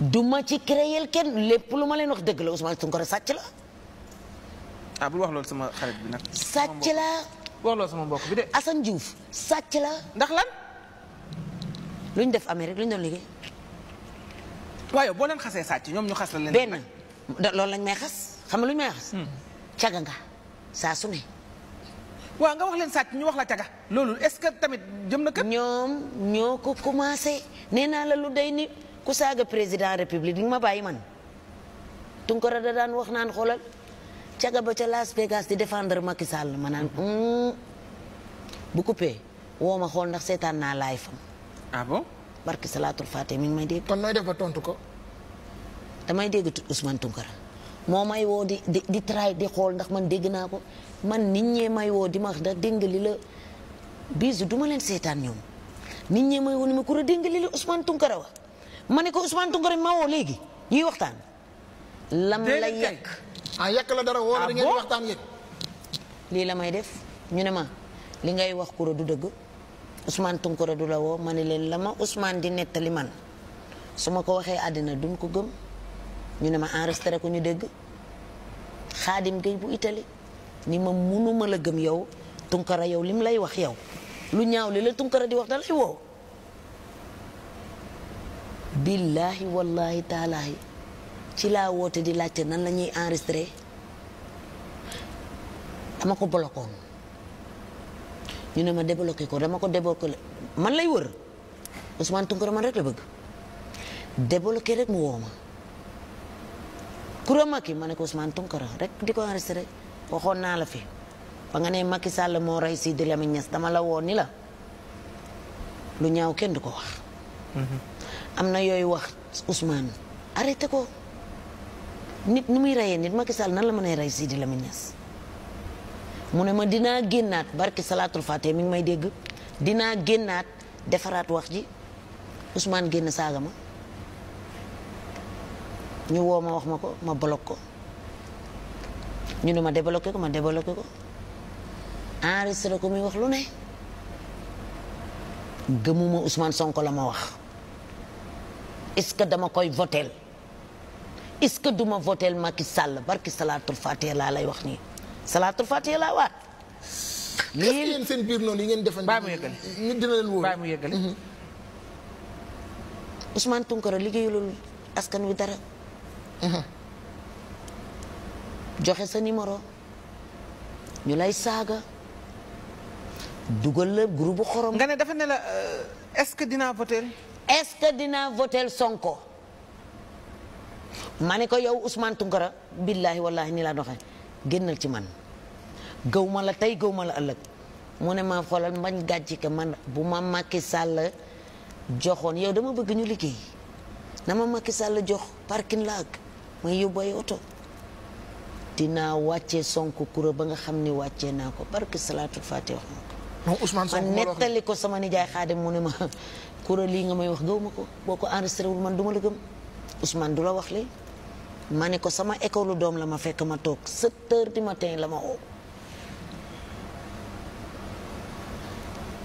du ma ci créer kenn lépp lu ma leen wax dëgg la Ousmane Tounkara sàcc la. ah bul wax loolu sama xarit bi nag. sàcc la. wax loolu sama mbokk bi de. Assane Diouf sàcc la. ndax lan. luñ def Amérique lu ñu doon liggéey. waaye boo leen xasee sàcc ñoom ñu xas la leen. benn loolu lañ ma xas xam nga lu ma may xas. Hmm. caga nga saa su nga wax leen sàcc ñu wax la caga loolu est-ce que tamit jëm na kat. ñoom ñoo ko commencé nee naa la lu day ni. ku saaga président république di ma bàyyi man Tunkara da dan wax naan xoolal caga ba Las Vegas di défendre Macky Sall manan naan mm, bu coupé woo ma xool ndax seetaan naa laay fam ah bon barki tuko. Tamaide gitu Usman may dégg kon def ba tontu ko damay Ousmane Tunkara di di try di xool ndax man dégg naa man nit ñee may di ma wax deng dégg li la bisu du ma leen seetaan ñoom nit ñee may woo ni ma li Ousmane Tunkara ma ne ko Ousmane Tounkara ma woo léegi ñuy waxtaan. lam la yàq ah yàq la dara woo na ngeen ah waxtaan yéen. lii la may def ñu ne ma li ngay wax kura du dëgg Ousmane Tounkara du la woo ma ne leen la ma Ousmane di nettali man su ma ko waxee àddina duñ ko gëm ñu ne ma enregistré ko ñu dégg Xaadim Gueye bu Italie ni ma munuma la gëm yow Tounkara yow mu lay wax yow lu ñaaw li la Tounkara di wax da lay woo. billahi wallahi taalahi ci laa woote di laajte nan la ñuy enregistré dama ko bloquoon ñu ne ma débloqué ko dama ko débloqué man lay wër Ousmane Tunkara man rek la bëgg rek mu ma kuréel Macky ko Ousmane rek di ko enregistré waxoon la fi ba nga ne Macky Sall Sidi Lamine dama la ni la lu ñaaw kenn wax. Mm-hmm am na yooyu wax Ousmane arrêté ko nit nu muy nit Macky Sall nan la mën a rey Sidi Lamine Niass mu ma dina génnaat barki salaatul faatee mi ngi may dégg dinaa génnaat defaraat wax ji Ousmane génn saaga ma ñu woo ma wax ma ko ma bloqué ko ñu ne ma débloqué ko ma débloqué ko enregistré ko muy wax lu ne gëmuma Ousmane Sonko la ma wax est-ce que dama koy votel est-ce que duma votel Macky sàll barki salaatul faatiha laa lay wax nii salaatul faatiha laa waat. lii ngeen defandi. baa mu yëgale nit dina leen wóor baa mu mhm. askan wi dara. Mhm. joxe sa numéro ñu lay saaga dugal la bu xorom. nga ne dafa la euh, est-ce que dinaa voter. est-ce que votel Sonko ma ne ko yow Ousmane billahi wallahi ni laa doxee génnal ci man gaw ma la tey gaw ma la ëllëg mu ma xoolal mbañ gàcci ke man bu ma Macky Sall joxoon yow dama bëgg ñu liggéey na ma Macky Sall jox parking lag, may yóbbu ay auto, dina wàccee Sonko kura ba nga xam ni wàccee naa ko barke salaatul fatiha non Ousmane Sonko ma ko sama ni xaadim mu ne ma kuréel lii nga may wax gëwuma ko boo ko enregistré wul man duma la gëm Ousmane du wax li ma sama école doom la ma fekk ma toog 7 heures du matin la ma oo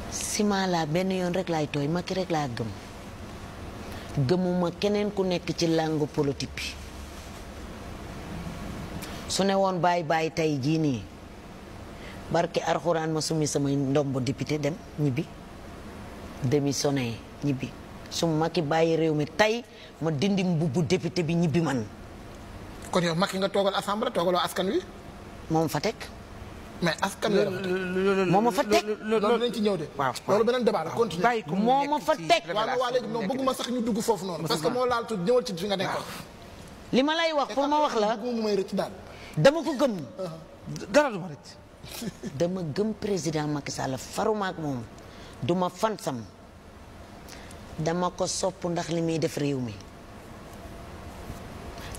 sima laa benn yoon rek laay tooy Macky rek laa gëm gëmuma ku ci langue politique bi su ne won bàyyi bàyyi tey barke arxuraan ma summi samay ndombo député dem ñibbi démissionné ñibbi su Macky bàyyi réew mi tey ma dindi mbubbu député bi ñibbi man. kon yow Macky nga toogal assemblée toogaloo askan wi. moom fa teg. mais askan wi moom fa teg loolu dinañ ci ñëw de. waaw loolu débat la continue. bàyyi fa teg. waaw waaw léegi moom bëgguma sax ñu dugg foofu noonu. parce que laal ci fi nga ma lay wax pour ma wax la dama ko gëm. Uh-huh. dara rëcc. dama gëm président Macky Sall faruma ak duma fansam dama ko sopp ndax li muy def réew mi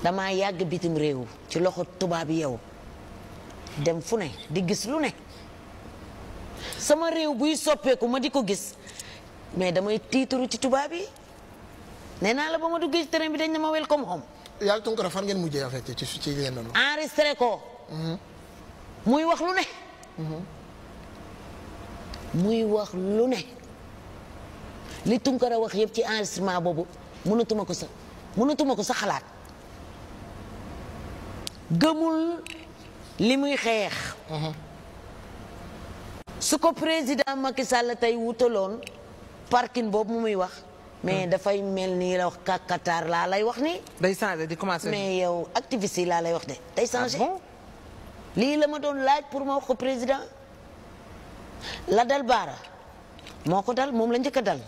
dama yàgg bitim réew ci loxo tubaab yow dem fu ne di gis lu ne sama réew buy soppeeku ma di ko gis mais damay tiitaru ci tubaab yi ne naa la ba ma duggee ci terrain bi dañ ne ma welcome home. yaa Tunkara fan ngeen mujjee en fait ci ci ngeen doon enregistré ko. Mhm. muy wax lu ne. Mhm. muy wax lu ne. li Tunkara wax yëpp ci enregistrement boobu mënatuma ko sa mënatuma ko sa xalaat gëmul li muy xeex mhm. su ko président Macky Sall tey wutaloon parking boobu mu muy wax mais mhm. dafay mel nii la wax kàkkatar laa lay wax ni day changé di commencé mais yow activiste laa lay wax de day ah changé lii la ma doon laaj pour ma wax ko président la dal baara moo ko dal moom la njëkk a dal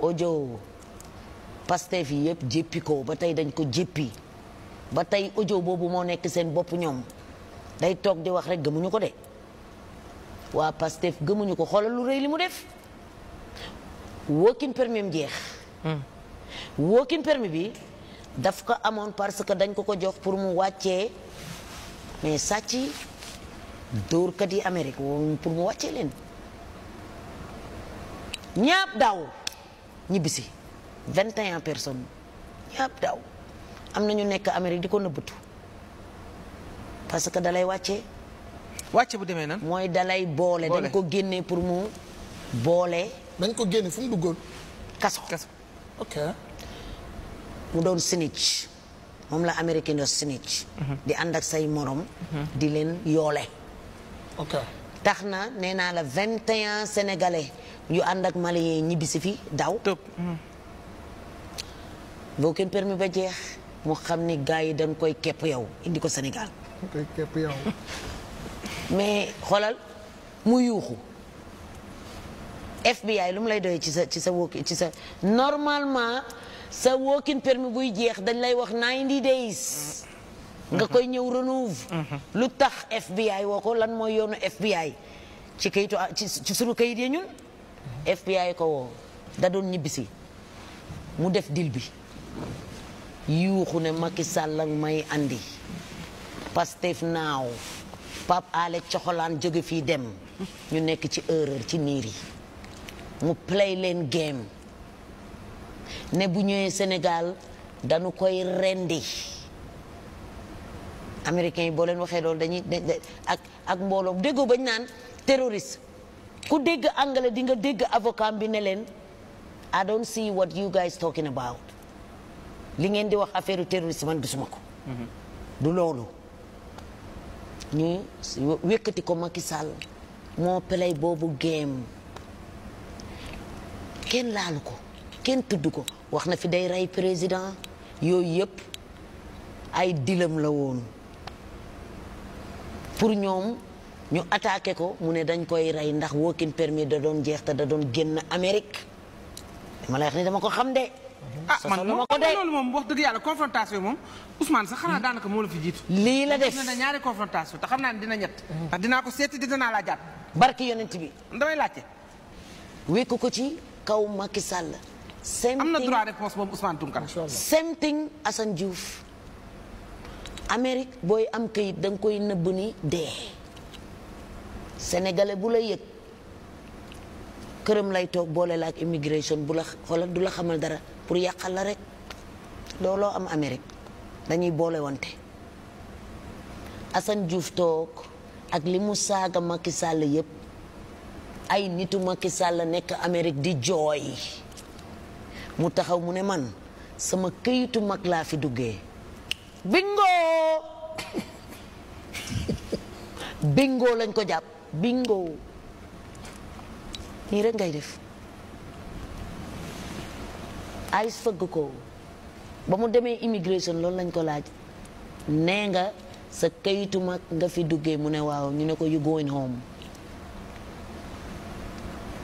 Ojo Pastef yi yëpp jéppi ko ba dañ ko jepi ba ojo audio boobu moo nekk seen bopp ñoom day toog di wax rek gëmuñu ko de Pastef gëmuñu ko xoolal lu rëy li def working permis mu jeex hmm. working permis bi daf ko amoon parce que dañ ko ko jox pour mu wàccee mais sàcc dóorkat yi Amérique pour mu ñibbisi 21 personnes ñëpp daw am na ñu nekk Amérique di ko nëbbatu parce que dalay wàcce wàcce bu demee nag mooy dalay boole dañ ko génnee pour mu boole. dañ ko génne fu mu duggoon. kaso kaso mu doon snitch moom la américain do snitch. Mhm. di ànd ak say morom. Mhm. di leen yoole. ok tax na nee naa la 21 sénégalais. yu ànd ak malien ñibbi si fi daw boo permis ba jeex mu xam ni gars yi dañ koy kepp yow indi ko Sénégal koy kepp yow mais xoolal mu yuuxu FBI lu mu lay doyee ci sa ci sa ci sa normalement sa working permis buy jeex dañ lay wax 90 days nga koy ñëw renouve lu tax FBI woo ko lan mooy yoonu FBI ci kayitu ci sunu kayit yi ñun FBI ko woo da doon ñibbisi mu def dil bi yuuxu ne Macky Sall ak may andi Pastef naaw Pape Alé Coxolaan jóge fii dem ñu nekk ci erreur ci niir yi mu play leen game ne bu ñëwee Sénégal dañu koy rendi américains yi boo leen waxee loolu dañuy ak ak mbooloo déggoo bañ naan terroriste ku dégg angale di nga dégg avocat bi ne I don't see what you guys talking about li ngeen di wax affaire terroriste man gisuma ko mhm. du loolu ñu wékkati ko Macky Sall moo play boobu game ken laalu ko kenn tudd ko wax na fi day rey président yooyu yëpp ay dilam la woon pour ñoom ñu attaqué ko mu ne dañ koy rey ndax working permit da doon jeex te da doon génn Amérique dama lay wax ni dama ko xam de. ah man loolu moom wax dëgg yàlla confrontation moom Ousmane sax xanaa hmm. daanaka moo la fi jiitu. lii la def ñaari confrontation te xam naa ne dina ñett. Hmm. ndax dinaa ko seeti dinaa laa jàpp. barki yonent bi. damay laajte. wékku ko ci kaw Macky Sall. same am na droit réponse boobu Ousmane Tounkara. same thing Assane Diouf. Amérique booy am këyit danga koy nëbb ni dee. sénégalais bu la yëg këram lay toog boole immigration bu la xoolal du la xamal dara pour yàqal la rek looloo am Amérique dañuy boole wante Assane Diouf toog ak li mu saaga Macky Sall yëpp ay nitu Macky Sall Amérique di joy mu taxaw mu man sama këyitu mag fi bingo bingo lañ ko bingo nii rek ngay def ay fëgg ko ba mu demee immigration loolu lañ ko laaj nee nga sa kayitu mag nga fi duggee mu ne waaw ñu ne ko you going home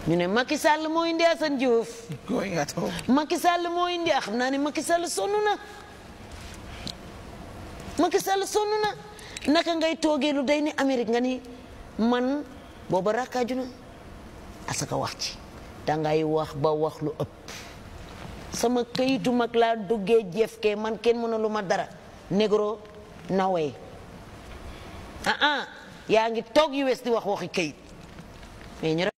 ñu ne Macky Sall moo indi Assane Diouf Macky Sall moo indi ah, xam naa ne Macky Sall sonn na Macky Sall sonn na naka ngay toogee lu day ni Amérique nga ni man booba rakkaaju na asaka wax ci dangay wax ba wax lu ëpp sama këyitu mag laa duggee jef jefke man kenn mëna ma dara négro nawee ah ah yaa ngi toog yu wees di wax waxi këyit mais